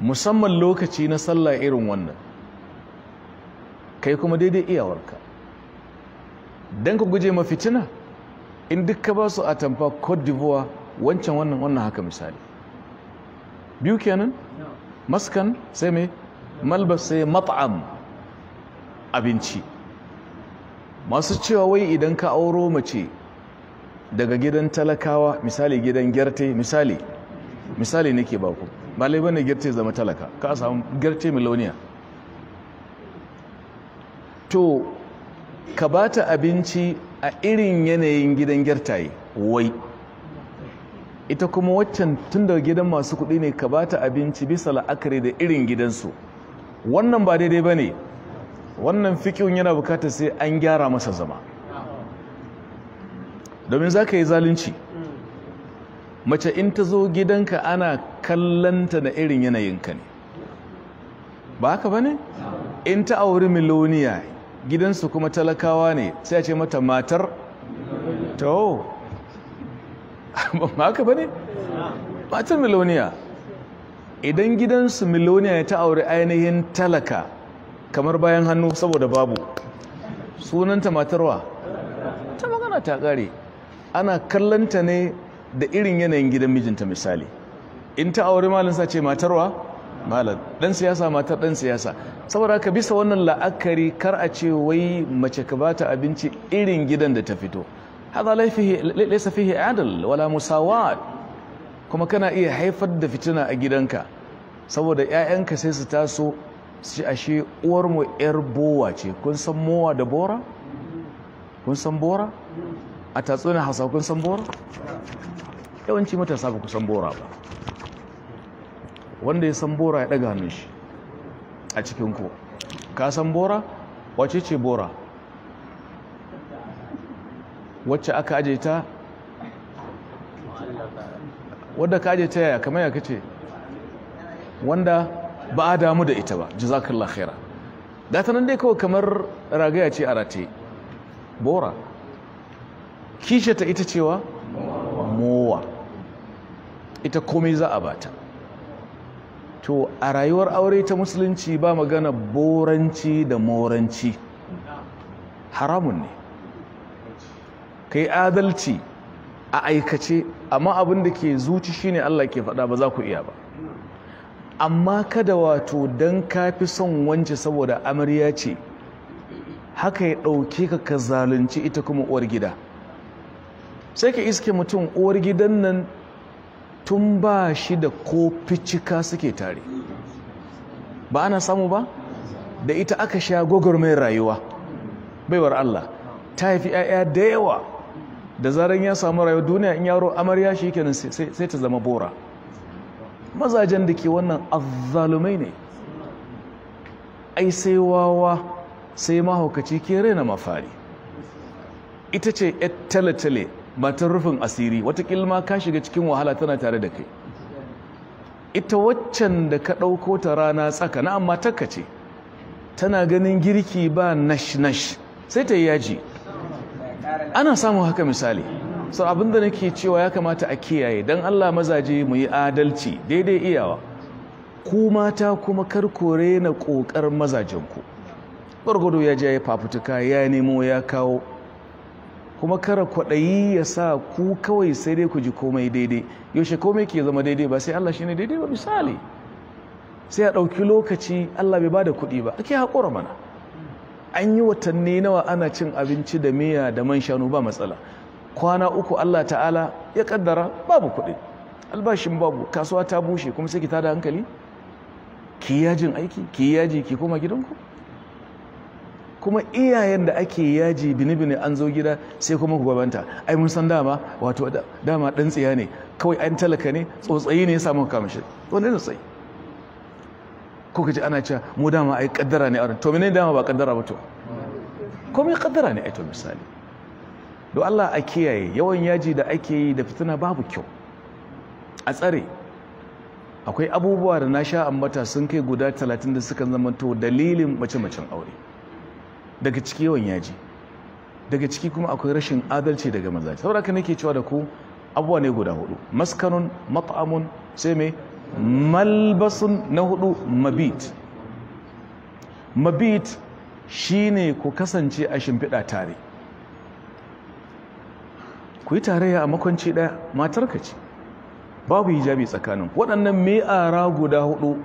musamman lokaci na sallah irin wannan kai kuma daidai iyawarka don ka guje mafitina in duk ka ba su a tamfa cote wancan wannan wannan haka misali biyu kenan maskan sai mai malbas sai mat'am abinci masu cewa wai idan ka auro mace daga gidan talakawa misali gidan gyarte misali misali nake baku ba lai bane gyarte zama talaka ka samu gyarte miloniya to ka bata abinci a irin yanayin gidan gyartaye wai ita kuma waccan tun daga gidan masu kuɗi ne ka ba ta abinci bisa la'akari da irin gidansu wannan ba daidai ba ne wannan fikin yana bukatar sai an gyara masa zama domin za ka yi zalunci mace in ta zo gidanka ana kallanta na irin yanayinka ne ba haka ba ne in ta auri miloniya gidansu kuma talakawa ne sai a ce mata matar ta ba ba matar miloniya idan gidansu miloniya ya ta aure ainihin talaka kamar bayan hannu saboda babu sunanta matarwa ta magana ta kare ana kallanta ne da irin yanayin gidan mijinta misali in ta aure malinsa ce matarwa malar dan siyasa matar dan siyasa saboda ka bisa wannan la'akari kar a ce wai mace ka bata abinci irin gidan da ta fito hada laisa fihi adal wala musawat kuma kana iya haifar da fitina a gidanka saboda 'ya'yanka sai su taso su ci ashe mu 'yar bowa ce kun san mowa da bora? kun san bora? a tatsunan hausa kun san bora? yawanci matasa ba ku san bora ba wanda ya san bora ya daga hannun shi a cikin ku ka san bora? wace ce bora? wacce aka aje ta wadda ka aje ta yaya kamar ya kace wanda ba a damu da ita ba jazakallah khaira gata nan dai kawai kamar ragaya ce a rate bora kishe ta ita cewa mowa ita komai za a bata to a rayuwar aure ta musulunci ba magana boranci da moranci haramun ne ka yi adalci a aikace amma abin da ke zuci shine Allah ke faɗa ba za ku iya ba amma kada wato don ka fi son wance saboda amarya ce haka ya ɗauke ka ka zalunci ita kuma uwar gida sai ka iske mutum uwar gidan nan tun ba shi da ko ficika suke tare ba ana samu ba da ita aka sha mai rayuwa baiwar Allah ta haifi 'ya'ya da yawa da zaran ya samu rayu duniya in yaro amarya shi kenan sai ta zama bora mazajen da ke wannan azzalumai ne ai sai wawa sai mahaukaci ke raina mafari ita ce yar tale matan rufin asiri wata ma ka shiga cikin wahala tana tare da kai ita waccan da ka ɗauko ta rana tsaka na amma takka ce tana ganin girki ba nash-nash sai ta yi yaji ana samun haka misali sau abinda nake cewa ya kamata a kiyaye don allah mazaje mu yi adalci daidai iyawa ku mata kuma karkore na ƙoƙar mazajenku gwargwado ya je ya fafutuka ya nemo ya kawo kuma kara kwaɗayi ya sa ku kawai sai dai ku ji komai daidai yaushe komai ke zama daidai ba sai allah shi ne daidai ba misali sai a ɗauki lokaci allah bai ba da kuɗi ba ake haƙura mana an yi watanni nawa ana cin abinci da miya da man shanu ba matsala kwana uku Allah ta'ala ya kaddara babu kuɗi albashin babu kasuwa ta bushe kuma sai ki tada hankali ki yajin aiki ki yaji ki koma gidanku kuma iyayen da ake yaji bini-bini an zo gida sai kuma ku gabanta ai mun san dama wato dama dan tsiya ne kawai an talaka ne tsotsayi ne ya samu kamshi wani da ko kaji ana cewa mu dama ai kaddara ne aure to menene dama ba kaddara ba to komai kaddara ne ai to misali do Allah a kiyaye yawan yaji da ake yi da fitina babu kyau a tsare akwai abubuwa da na sha ambata sun kai guda 30 da suka zama to dalilin mace-macen aure daga ciki yawan yaji daga ciki kuma akwai rashin adalci daga mazaje saboda haka nake cewa da ku abubuwa ne guda hudu maskanun mat'amun sai mai malbasun na hudu mabit mabit shine ku kasance a shimfiɗa tare ku yi tarayya a makonci ɗaya matarka ce babu hijabi tsakanin waɗannan mi'ara guda hudu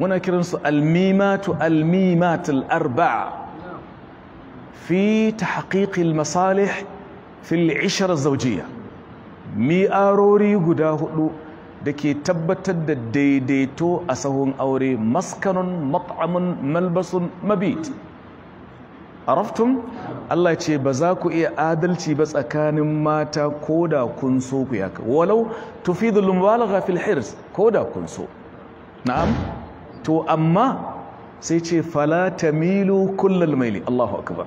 muna kiransu almimatu almimatul arba'a fi ta tahqiqil masalih fil 'ishra zaujiya. mi'arori guda hudu da ke tabbatar da daidaito a sahun aure maskanun mat'amun malbasun mabit araftun Allah ce ba za ku iya adalci ba tsakanin mata ko da kun so ku kai. walau tufidul mubalagha fil hirs ko da kun so na'am to amma sai ce fala tamilu kullal maili Allahu akbar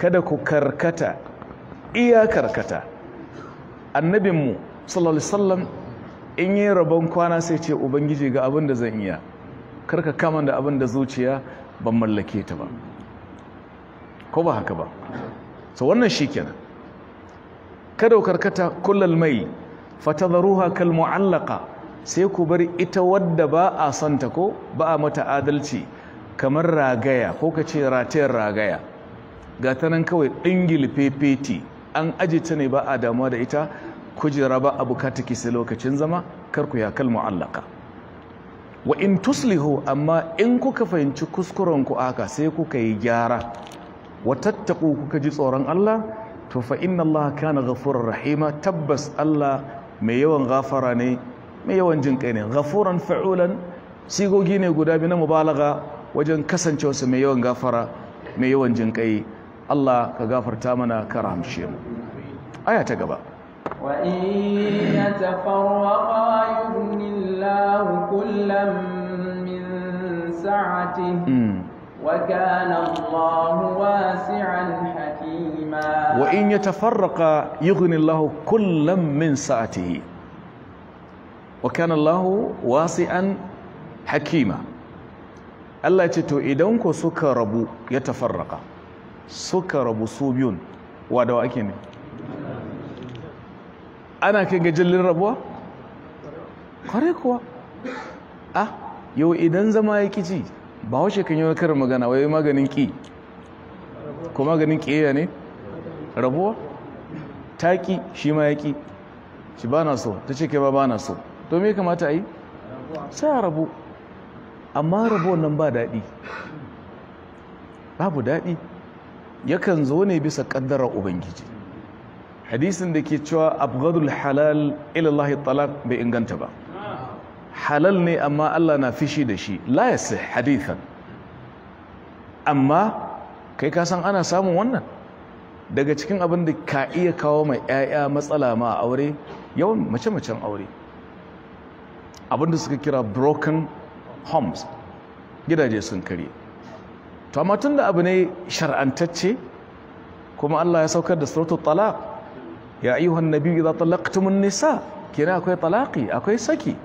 kada ku karkata iya karkata annabinmu sallallahu alaihi wasallam in yi rabon kwana sai ce ubangiji ga abin da zan iya karka kama da abin da zuciya ban mallake ta ba ko ba haka ba so wannan shi kenan kada kata kullal mai fatadharuha kal mu'allaqa sai ku bar ita wadda ba a santa ko ba a mata adalci kamar ragaya ko ka ce ratayar ragaya ga ta nan kawai dingil fefeti an aje ta ne ba a damuwa da ita kujera ba abu ka take sai lokacin zama kar ku ya kalmu allaka wa in tuslihu amma in kuka fahimci kuskuren ku aka sai kuka yi gyara wa tattaku kuka ji tsoron Allah to fa inna Allah kana ghafurur rahima tabbas Allah mai yawan gafara ne mai yawan jin kai ne ghafuran fa'ulan sigogi ne guda biyu na mubalaga wajen kasancewa su mai yawan gafara mai yawan jin kai Allah ka gafarta mana ka rahamshe mu aya ta gaba وإن يتفرقا يغن الله كلا من سعته وكان الله واسعا حكيما وإن يتفرقا يغن الله كلا من سعته وكان الله واسعا حكيما Allah ce to idan ku suka rabu ya tafarraka suka rabu su biyun wa da ake ne ana kan gajallin rabuwa Kwarai kuwa ah yau idan zama ya kici ba wace kan yi karin magana wai maganin ki ko maganin ya ne rabuwa ta ki shi ma ya ki shi ba na so ta ce kai ba ba na so to me kamata a yi sai a rabu amma rabuwan nan ba daɗi babu daɗi yakan zo ne bisa ƙaddara ubangiji hadisin da ke cewa abgadul halal ilallahi talak bai inganta ba halal ne amma Allah na fishi da shi la hadithan amma kai kasan ana samun wannan daga cikin abin da ka iya kawo mai 'ya'ya matsala ma aure yawan mace-macen aure abin da suka kira broken homes gidaje sun kare to amma tun da abu ne shar'antacce kuma Allah ya saukar da suratul talaq ya ayyuhan nabi idza talaqtumun nisa kina akwai talaqi akwai saki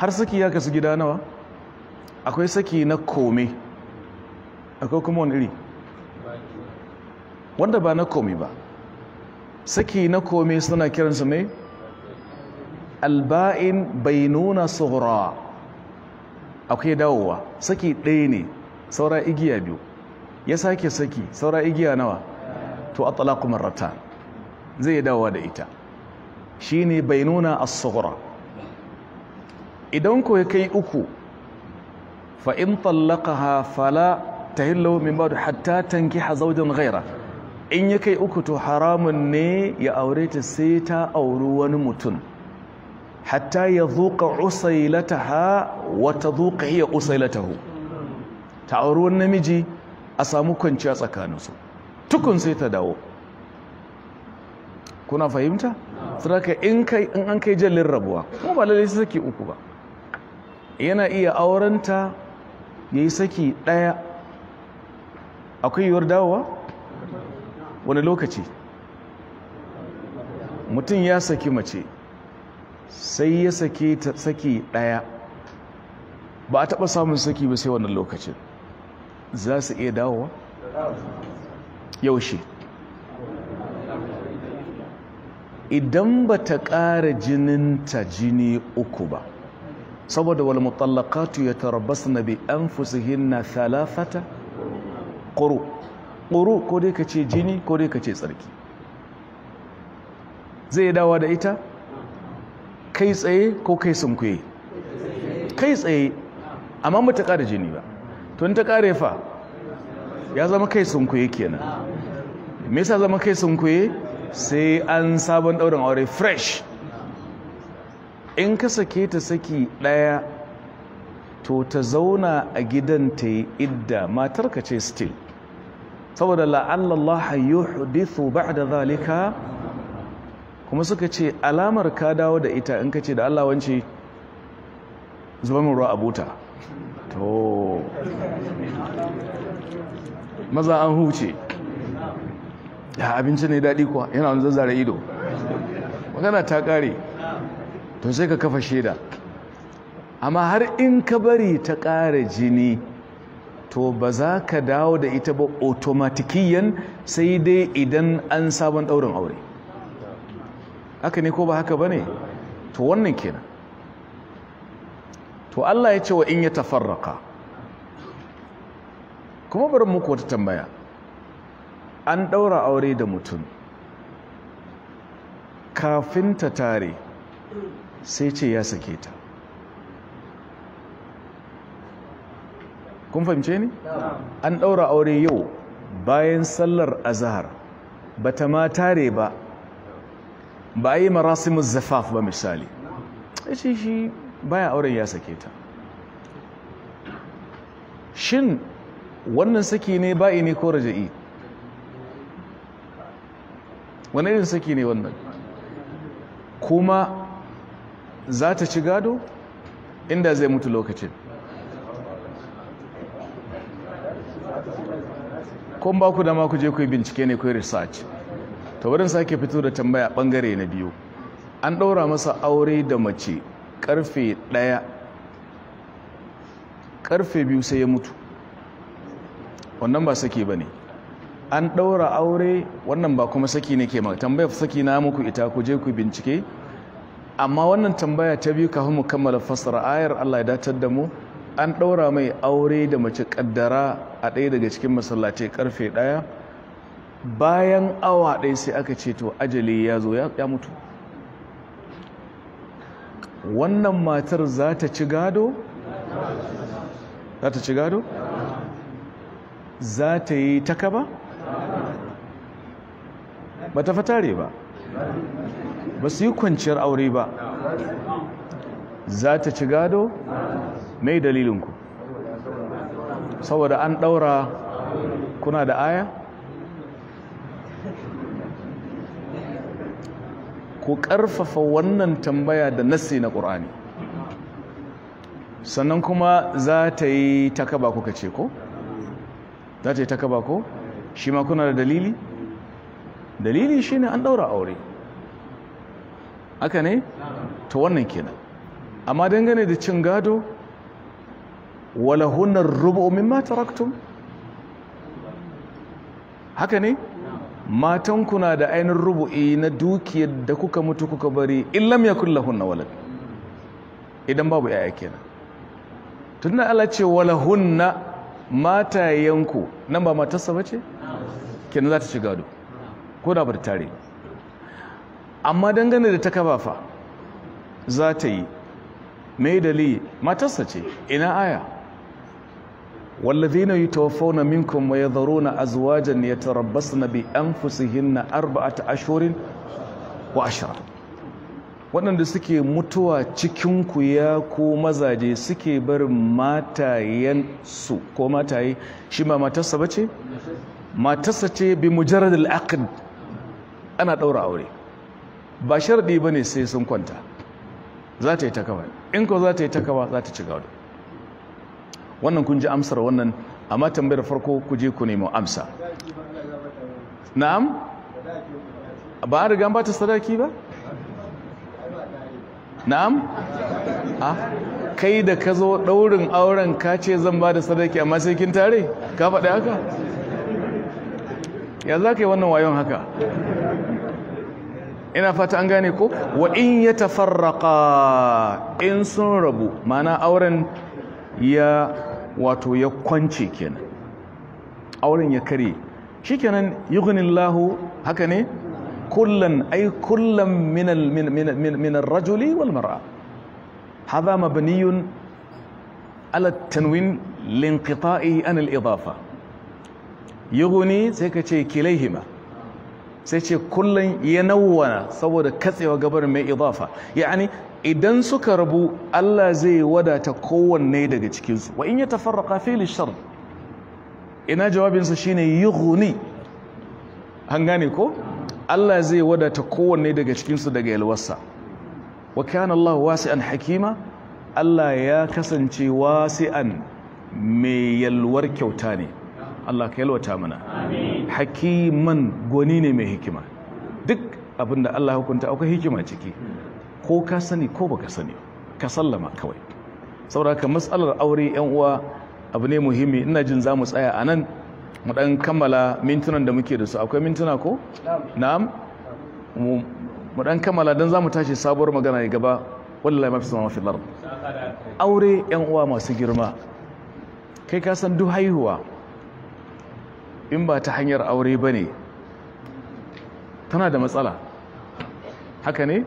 har saki ya kasu gida nawa akwai saki na kome akwai kuma wani iri wanda ba na kome ba saki na kome suna kiransu ne alba'in bai nuna tsohura akwai dawowa saki ɗaya ne saura igiya biyu ya sake saki saura igiya nawa to a talakumar ratan zai dawa da ita shine bai nuna sughra idan ko kai uku fa in tallaqaha fala tahillu min ba'd hatta tanki zawjan gaira in ya kai uku to haramun ne ya aure ta sai ta auri wani mutum hatta ya zuƙa usailataha wata zuƙa iya usailatahu ta auri wani namiji a samu kwanciya tsakaninsu tukun sai ta dawo kuna fahimta saboda in kai in an kai jallin rabuwa kuma ba lalle sai saki uku ba yana iya aurenta yayi saki daya akwai yiwuwar dawowa wani lokaci mutum ya saki mace sai ya sake ta saki daya ba a taba samun saki ba sai wannan lokacin za su iya dawowa yaushe idan ba ta ƙara jininta jini uku ba saboda wal mutallaqatu na bi anfusihinna thalafata ƙuru ƙuru ko dai ka ce jini ko dai ka ce tsarki zai dawa da ita kai tsaye ko kai sunkuye kai tsaye amma ba ta ƙara jini ba Tun ta ƙare fa ya zama kai sunkuye kenan me yasa zama kai sunkuye sai an sabon ɗaurin aure fresh in ka sake ta saki ɗaya to ta zauna a gidan ta yi idda matarka ce still saboda la'allallaha ba da zalika kuma suka ce alamar ka dawo da ita in ka ce da Allah wance zuba min ruwa abuta to maza an huce da abinci ne daɗi kuwa yana wani zazzara ido magana ta ƙare to sai ka kafa shaida amma har in ka bari ta ƙare jini to ba za ka dawo da ita ba otomatikiyan sai dai idan an sabon ɗaurin aure haka ne ko ba haka ba ne to wannan kenan to Allah ya ce wa in ya tafarraka kuma bari muku wata tambaya an ɗaura aure da mutum kafin ta tare sai ce ya sake ta kun fahimce ni? an ɗaura aure yau bayan sallar azahar ba ta ma tare ba ba a yi marasimin zafaf ba misali ya ce shi bayan auren ya sake ta shin wannan saki ne ba'i ne ko raja'i wani irin saki ne wannan kuma za ta ci gado inda zai mutu lokacin kun ba ku dama ku je ku bincike ne kai yi research to wurin sake fito da tambaya bangare na biyu an ɗaura masa aure da mace karfe ɗaya karfe biyu sai ya mutu wannan ba sake ba ne an ɗaura aure wannan ba kuma saki ne ke maka tambayar saki na muku ita ku je ku bincike amma wannan tambaya ta biyu kafin mu kammala fassara ayar Allah ya datar da mu an ɗaura mai aure da mace kaddara a ɗaya daga cikin masallatai karfe ɗaya bayan awa ɗaya sai aka ce to ajali ya zo ya mutu wannan matar za ta ci gado? za ta ci gado? za ta yi takaba? ba ta fatare ba ba su yi kwanciyar aure ba za ta ci gado mai dalilinku saboda an ɗaura kuna da aya ku ƙarfafa wannan tambaya da nasi na ƙur'ani sannan kuma za ta yi takaba kuka ce ko? za ta yi takaba ko? shi ma kuna da dalili dalili shine an ɗaura aure aka ne to wannan kenan amma dangane da cin gado wala hunar rubu mimma haka ne matan kuna da ainihin rubu'i na dukiyar da kuka mutu kuka bari illam ya hunna walad idan babu yaya kenan tunda Allah ce wala hunna matayenku nan ba matarsa ce? kenan za ta ci gado ko da bar tare amma dangane da ta kafafa za ta yi mai dalili matarsa ce ina aya wa يتوفون azwajan yatarabbasna bi arba'a ta ashirin wa ashara waɗanda suke mutuwa cikinku ya ko mazaje suke barin matayen su ko mataye shi ba matarsa bace matarsa ce bi mujarar al ana ɗaura aure ba ba ne sai sun kwanta za ta yi ta in ko za ta yi ta za ta ci gaba wannan kun ji amsar wannan amma tambayar farko ku je ku nemo amsa na'am ba an riga ba ta sadaki ba na'am a kai da ka zo ɗaurin auren ka ce zan ba da sadaki amma sai kin tare ka faɗi haka ya za ka yi wannan wayon haka ina fata an gane ko wa in ya tafarraka in sun rabu mana auren ya wato ya kwance kenan auren ya kare shikenan yughnillahu haka ne kullan ai kullum min rajuli wal mar'a haza mabniyun ala tanwin linqita'i an al yughni sai ka ce kilaihima sai ce ya nauwana saboda katsewa gabar mai idafa Ya'ani idan suka rabu Allah zai wadata kowanne daga cikinsu. wa in yatafarraqa fili shar ina jawabinsa shine yughni an gane ko Allah zai wadata kowanne daga cikinsu daga yalwarsa wa kana Allah wasi'an hakima Allah ya kasance wasi'an mai yalwar kyauta ne Allah ka yalwata mana hakiman gwani ne mai hikima duk abinda Allah hukunta akwai hikima ciki ko ka sani ko baka sani ka sallama kawai saboda ka matsalar aure yan uwa abu ne muhimmi ina jin za mu tsaya a nan mu dan kammala mintunan da muke da su akwai mintuna ko na'am mu dan kammala dan zamu tashi sabuwar magana ya gaba wallahi mafi sama mafi lard aure yan uwa masu girma kai ka san duk haihuwa in ba ta hanyar aure ba ne tana da matsala haka ne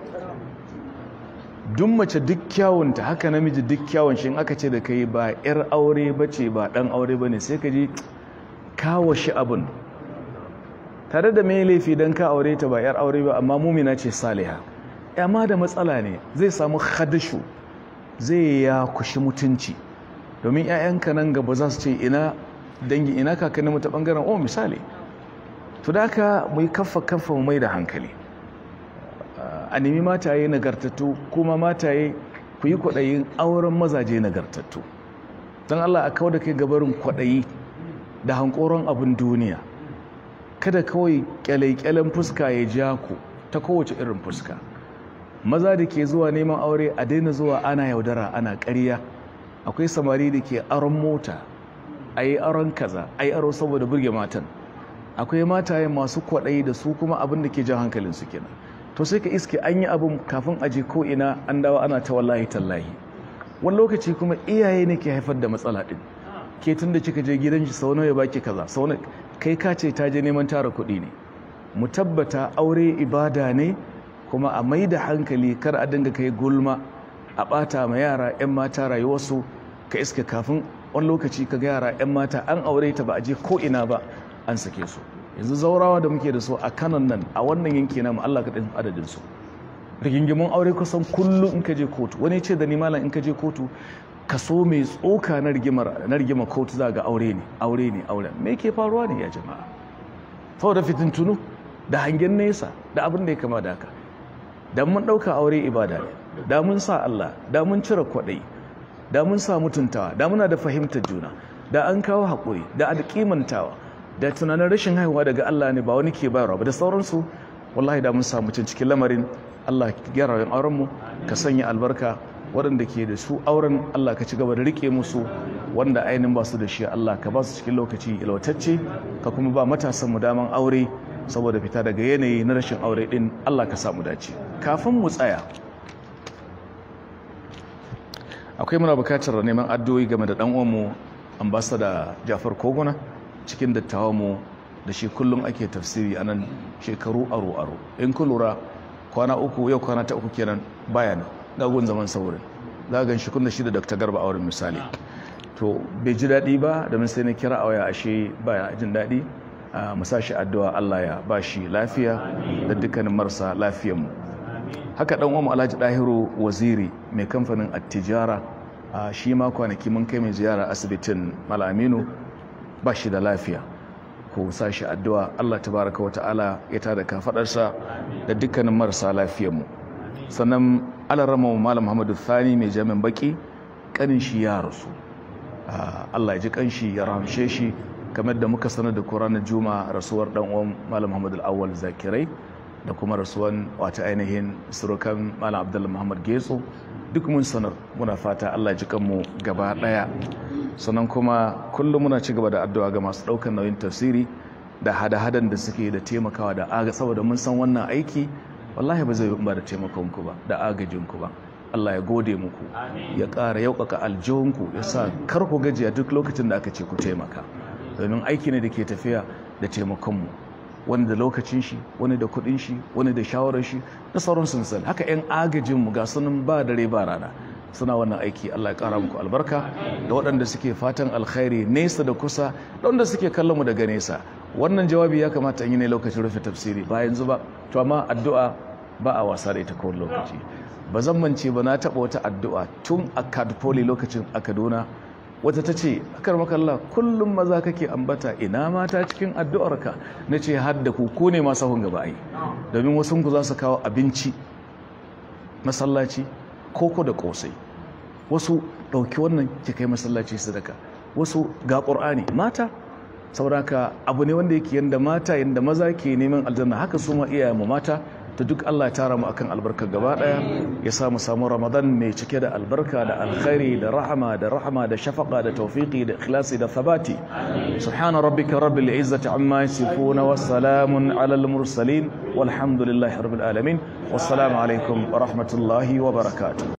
duk mace duk kyawunta haka namiji duk kyawun shi aka ce da kai ba 'yar aure ba ce ba ɗan aure ba ne sai ka ji kawo shi abin tare da mai laifi don ka aure ta ba 'yar aure ba amma mumina ce saliha Yama da matsala ne zai samu hadashu zai ya kushi mutunci domin 'ya'yanka nan gaba za su ce ina dangi ina kakannin mu ta bangaren o oh, misali to da haka mu yi kaffa kaffa mu mai da hankali a nemi mataye nagartattu kuma mataye ku yi kwaɗayin auren mazaje nagartattu don Allah a kawo da kai gabarin kwaɗayi da hankoron abin duniya kada kawai kyale-kyalen fuska ya ja ku ta kowace irin fuska maza da ke zuwa neman aure a daina zuwa ana yaudara ana ƙarya akwai samari da ke aron mota a yi aron kaza a yi aro saboda burge matan akwai mataye masu kwaɗayi da su kuma abin da ke jan hankalin su kenan to sai ka iske an yi abin kafin a je ko ina an dawo ana ta wallahi tallahi wani lokaci kuma iyaye ne ke haifar da matsala ɗin ke tun da kika je gidan shi sau nawa ya baki kaza sau kai ka ce ta je neman tara kuɗi ne mu tabbata aure ibada ne kuma a mai da hankali kar a dinga kai gulma a ɓata ma yara 'yan mata rayuwarsu ka iske kafin wani lokaci ka ga yara 'yan mata an aure ta ba a je ko ina ba an sake su yanzu zaurawa da muke da su a kanan nan a wannan yanki na Allah ka ɗin adadin su rigingimun aure kusan kullum in ka je kotu wani ce da ni malam in ka je kotu kaso mai tsoka na rigimar kotu za ga aure ne aure ne aure me ke faruwa ne ya jama'a saboda fitintunu da hangen nesa da abin da ya kama da haka da mun ɗauka aure ibada ne da mun sa Allah da mun cire kwaɗayi da mun samu tuntawa da muna da fahimtar juna da an kawo haƙuri da alƙimantawa da tunanin rashin haihuwa daga Allah ne ba wani ke bayarwa ba da sauransu wallahi da mun samu cikin lamarin Allah ya gyara yin aurenmu ka sanya albarka waɗanda ke da su auren Allah ka ci gaba da rike musu wanda ainihin ba su da shi Allah ka ba su cikin lokaci ilwatacce ka kuma ba matasan mu daman aure saboda fita daga yanayi na rashin aure din Allah ka samu dace kafin mu tsaya akwai muna bukatar neman addu'o'i game da dan uwanmu ambassador Jafar Koguna cikin dattawan mu da shi kullum ake tafsiri a nan shekaru aro aro in ku lura kwana uku yau kwana ta uku kenan bayan gagun zaman saurin za gan shi kunda shi da Dr. Garba auren misali to bai ji daɗi ba da mun sai na kira a waya ashe baya jin daɗi a ah, musashi addu'a Allah ya ba shi lafiya da dukkanin marasa mu haka dan uwan Alhaji Dahiru Waziri mai kamfanin Attijara shi ma kwanaki mun kai mai ziyara asibitin Malaminu ba shi da lafiya ko sa shi addu'a Allah tabaraka wa ta'ala ya tada kafadarsa da dukkanin marasa lafiyar mu sannan alarama malam Muhammadu Thani mai jami'in baki kanin shi ya rasu Allah ya ji kanshi ya rahamshe shi kamar da muka sanar da ku ranar juma'a rasuwar dan uwan malam Muhammadu al Zakirai da kuma rasuwan wata ainihin surukan malam abdullahi muhammad getso duk mun sanar muna fata allah ji kanmu gaba daya sannan kuma kullum muna ci gaba da addu'a ga masu ɗaukan nauyin tafsiri da hada-hadan da suke da taimakawa da aga saboda mun san wannan aiki wallahi ba zai ba da taimakonku ba da agajinku ba Allah ya gode muku ya ƙara yaukaka aljihunku ya sa kar ku gajiya duk lokacin da aka ce ku taimaka domin aiki ne da ke tafiya da taimakonmu wani da lokacin shi wani da kudin shi wani da shawarar shi na sauran sunsan haka yan agajin mu ga sunan ba dare ba rana suna wannan aiki Allah ya kara muku albarka da waɗanda suke fatan alkhairi nesa da kusa da waɗanda suke kallon mu daga nesa wannan jawabi ya kamata in yi ne lokacin rufe tafsiri ba yanzu ba to amma addu'a ba a wasa da ita ko lokaci ba zan mance ba na taɓa wata addu'a tun a kadpoli lokacin a kaduna wata ta ce akar makalla kullum maza kake ambata ina mata cikin addu'arka na ce hadda ku ko ne masu hunga ba'ai domin wasu ku za su kawo abinci masallaci koko da kosai wasu ɗauki wannan ki kai masallaci su sadaka wasu ga ƙur'ani mata sauraka abu ne wanda yake yanda mata yanda maza ke neman aljanna haka su ma iyayen mu mata ta duk Allah ya tara mu akan albarka gaba daya ya sa mu samu Ramadan mai cike da albarka da alkhairi da rahama da rahama da shafaqa da tawfiqi da ikhlasi da thabati subhana rabbika rabbil izzati amma yasifun wa salamun alal mursalin walhamdulillahi rabbil alamin wassalamu alaikum wa rahmatullahi wa barakatuh